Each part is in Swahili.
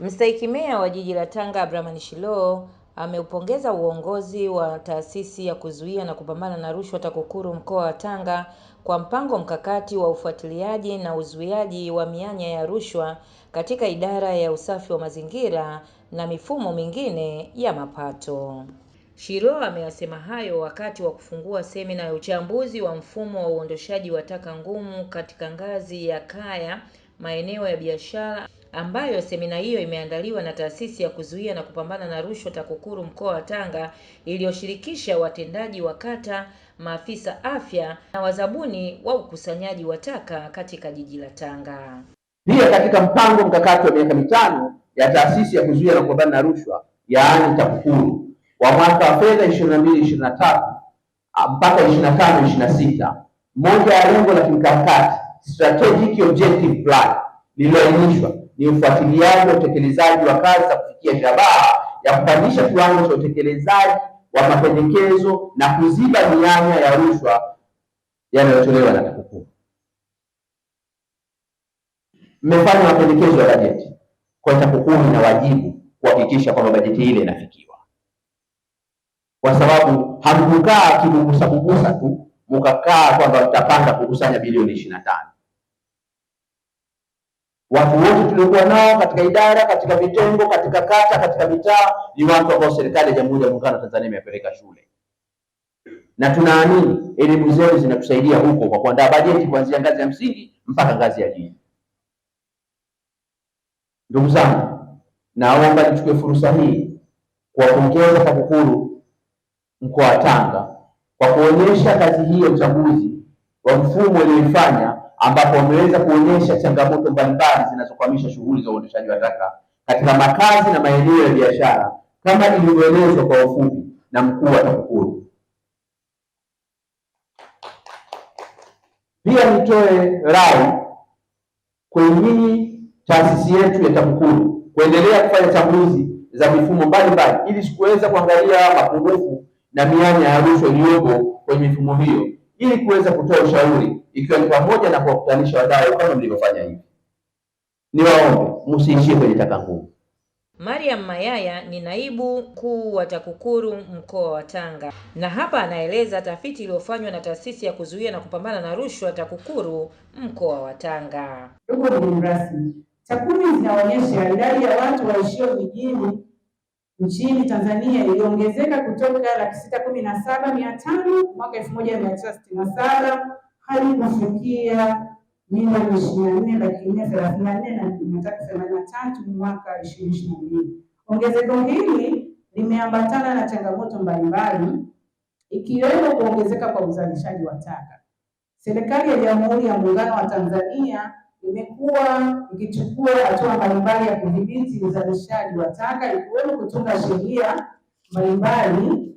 Mstahiki Meya wa Jiji la Tanga Abdramani shilo ameupongeza uongozi wa Taasisi ya Kuzuia na Kupambana na Rushwa TAKUKURU Mkoa wa Tanga kwa mpango mkakati wa ufuatiliaji na uzuiaji wa mianya ya rushwa katika Idara ya Usafi wa Mazingira na mifumo mingine ya mapato. Shiloo ameyasema hayo wakati wa kufungua semina ya uchambuzi wa mfumo wa uondoshaji wa taka ngumu katika ngazi ya kaya, maeneo ya biashara ambayo semina hiyo imeandaliwa na Taasisi ya Kuzuia na Kupambana na Rushwa TAKUKURU mkoa wa Tanga iliyoshirikisha watendaji wa kata, maafisa afya na wazabuni wa ukusanyaji wa taka katika jiji la Tanga. Pia katika mpango mkakati wa miaka mitano ya Taasisi ya Kuzuia na Kupambana na Rushwa yaani TAKUKURU wa mwaka wa fedha 22/23 ah, mpaka 25/26, moja ya lengo la kimkakati strategic objective plan lililoainishwa ni ufuatiliaji wa utekelezaji wa kazi za kufikia shabaha ya kupandisha kiwango cha utekelezaji wa mapendekezo na kuziba mianya ya rushwa yanayotolewa na TAKUKURU. Mmefanya mapendekezo ya bajeti kwa TAKUKURU, ina wajibu kuhakikisha kwamba bajeti ile inafikiwa, kwa sababu hamkukaa kibugusa bugusa tu, mkakaa kwamba mtapanga kukusanya bilioni ishirini na tano Watu wote tuliokuwa nao katika idara, katika vitengo, katika kata, katika mitaa ni watu ambao serikali ya Jamhuri ya Muungano wa Tanzania imepeleka shule, na tunaamini elimu zetu zinatusaidia huko kwa kuandaa bajeti kuanzia ngazi ya msingi mpaka ngazi ya juu. Ndugu zangu, naomba nichukue fursa hii kuwapongeza TAKUKURU mkoa wa Tanga kwa kuonyesha kazi hii ya uchaguzi wa mfumo ulioifanya ambapo wameweza kuonyesha changamoto mbalimbali zinazokwamisha shughuli za uendeshaji wa taka katika makazi na maeneo ya biashara kama ilivyoelezwa kwa ufupi na mkuu wa TAKUKURU. Pia nitoe rai kwenye taasisi yetu ya TAKUKURU kuendelea kufanya chambuzi za mifumo mbalimbali ili sikuweza kuangalia mapungufu na mianya ya rushwa iliyopo kwenye mifumo hiyo ili kuweza kutoa ushauri, ikiwa ni pamoja na kuwakutanisha wadau kama mlivyofanya hivi. Niwaombe msiishie kwenye taka ngumu. Mariam Mayaya ni naibu mkuu wa TAKUKURU mkoa wa Tanga, na hapa anaeleza tafiti iliyofanywa na taasisi ya kuzuia na kupambana na rushwa TAKUKURU mkoa wa Tanga. Huko ni rasmi, takwimu zinaonyesha idadi ya watu waishio vijijini nchini Tanzania iliongezeka kutoka laki sita kumi na saba mia tano mwaka elfu moja mia tisa sitini na saba hadi kufikia milioni ishirini na nne laki nne thelathini na nne na mia tatu themanini na tatu mwaka ishirini ishirini na mbili. Ongezeko hili limeambatana na changamoto mbalimbali ikiwemo kuongezeka kwa uzalishaji wa taka. Serikali ya Jamhuri ya Muungano wa Tanzania imekuwa ikichukua hatua mbalimbali ya kudhibiti uzalishaji wa taka ikiwemo kutunga sheria mbalimbali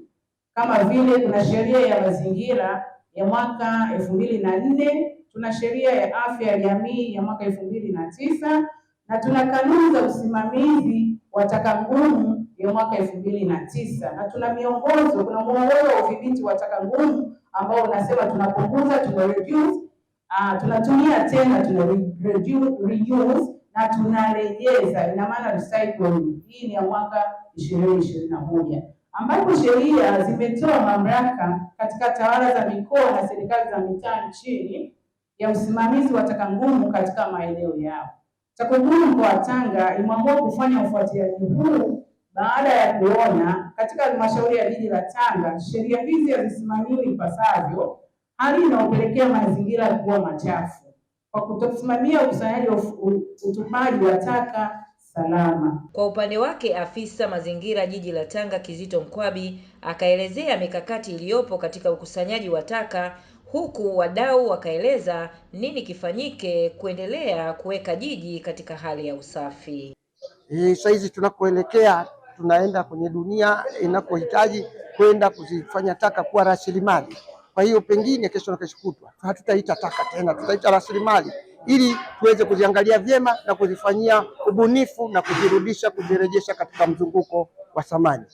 kama vile kuna sheria ya mazingira ya mwaka elfu mbili na nne tuna sheria ya afya ya jamii ya mwaka elfu mbili na tisa na tuna kanuni za usimamizi wa taka ngumu ya mwaka elfu mbili na tisa na tuna miongozo, kuna mwongozo wa udhibiti wa taka ngumu ambao unasema tunapunguza, tuna reduce Ah, tunatumia tena, tuna reuse na tunarejeza, ina maana recycling. Hii ni ya mwaka ishirini na moja ambapo sheria zimetoa mamlaka katika tawala za mikoa na serikali za mitaa nchini ya usimamizi wa taka ngumu katika maeneo yao. TAKUKURU mkoa wa Tanga imeamua kufanya ufuatiliaji huu baada ya kuona katika halmashauri ya jiji la Tanga sheria hizi hazisimamiwi ipasavyo hali inaopelekea mazingira kuwa machafu kwa kutosimamia ukusanyaji wa utupaji wa taka salama. Kwa upande wake, afisa mazingira jiji la Tanga Kizito Mkwabi akaelezea mikakati iliyopo katika ukusanyaji wa taka, huku wadau wakaeleza nini kifanyike kuendelea kuweka jiji katika hali ya usafi. E, saizi tunakoelekea tunaenda kwenye dunia inakohitaji kwenda kuzifanya taka kuwa rasilimali kwa hiyo pengine kesho na kesho kutwa hatutaita taka tena, tutaita rasilimali ili tuweze kuziangalia vyema na kuzifanyia ubunifu na kuzirudisha, kuzirejesha katika mzunguko wa thamani,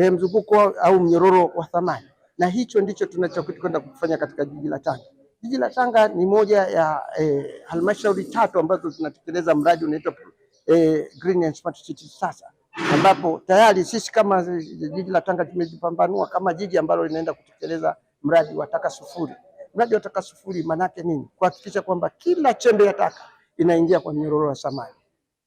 e, mzunguko au mnyororo wa thamani, na hicho ndicho tunachokwenda kufanya katika jiji la Tanga. Jiji la Tanga ni moja ya e, halmashauri tatu ambazo tunatekeleza mradi unaitwa e, Green and Smart City sasa, ambapo tayari sisi kama jiji la Tanga tumejipambanua kama jiji ambalo linaenda kutekeleza mradi wa taka sufuri. Mradi wa taka sufuri manake nini? Kuhakikisha kwamba kila chembe ya taka inaingia kwa mnyororo wa thamani.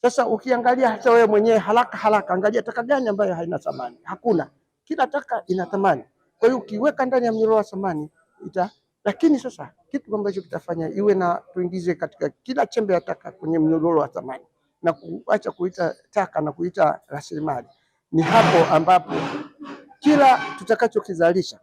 Sasa ukiangalia hata wewe mwenyewe haraka haraka, angalia taka gani ambayo haina thamani? Hakuna, kila taka ina thamani. Kwa hiyo ukiweka ndani ya mnyororo wa thamani ita lakini sasa kitu ambacho kitafanya iwe na tuingize katika kila chembe ya taka kwenye mnyororo wa thamani na kuacha kuita taka na kuita rasilimali, ni hapo ambapo kila tutakachokizalisha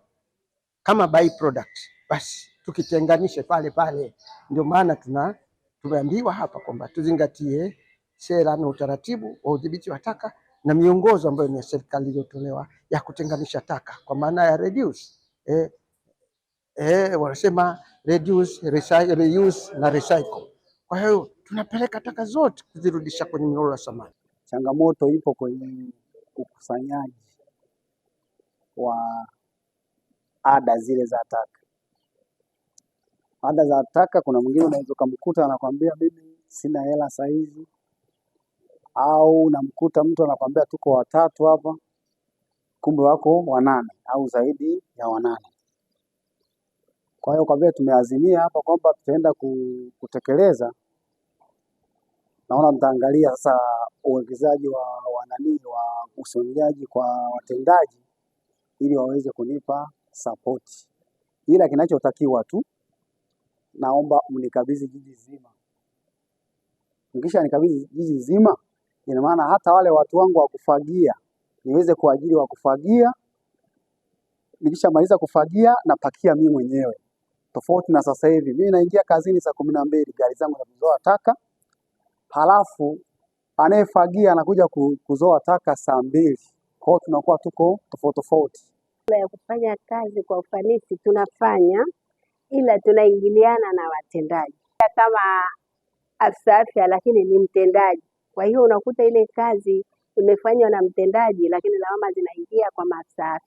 kama product, basi tukitenganishe pale pale. Ndio maana tuna tumeambiwa hapa kwamba tuzingatie sera na utaratibu wa udhibiti wa taka na miongozo ambayo ni ya serikali iliyotolewa ya kutenganisha taka kwa maana ya reduce. Eh, eh, wanasema reduce, recycle, reuse na recycle. Kwa hiyo tunapeleka taka zote kuzirudisha kwenye minyororo ya samani. Changamoto ipo kwenye ukusanyaji wa ada zile za taka. Ada za taka, kuna mwingine unaweza ukamkuta anakwambia mimi sina hela saa hizi, au namkuta mtu anakwambia tuko watatu hapa, kumbe wako wanane au zaidi ya wanane. Kwa hiyo kwa vile tumeazimia hapa kwamba tutaenda kutekeleza, naona mtaangalia sasa uwekezaji wa wananii wa usimamiaji kwa watendaji ili waweze kunipa support, ila kinachotakiwa tu naomba mnikabidhi jiji zima. Mkisha nikabidhi jiji zima, ina maana hata wale watu wangu wa kufagia niweze kuajiri wa kufagia. Nikishamaliza kufagia, napakia mimi mwenyewe, tofauti na sasa hivi. Mimi naingia kazini saa kumi na mbili, gari zangu kuzoa taka, halafu anayefagia anakuja kuzoa taka saa mbili. Kwao tunakuwa tuko tofauti tofauti ya kufanya kazi kwa ufanisi tunafanya, ila tunaingiliana na watendaji kama afisa afya, lakini ni mtendaji. Kwa hiyo unakuta ile kazi imefanywa na mtendaji, lakini lawama zinaingia kwa maafisa afya.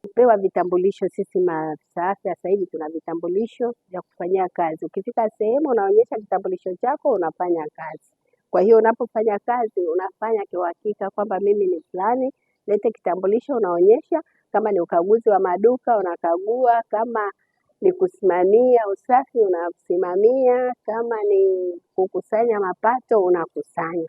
Kupewa vitambulisho, sisi maafisa afya sasa hivi tuna vitambulisho vya kufanyia kazi. Ukifika sehemu unaonyesha kitambulisho chako, unafanya kazi. Kwa hiyo unapofanya kazi unafanya kiuhakika kwamba mimi ni fulani, lete kitambulisho unaonyesha kama ni ukaguzi wa maduka unakagua, kama ni kusimamia usafi unasimamia, kama ni kukusanya mapato unakusanya.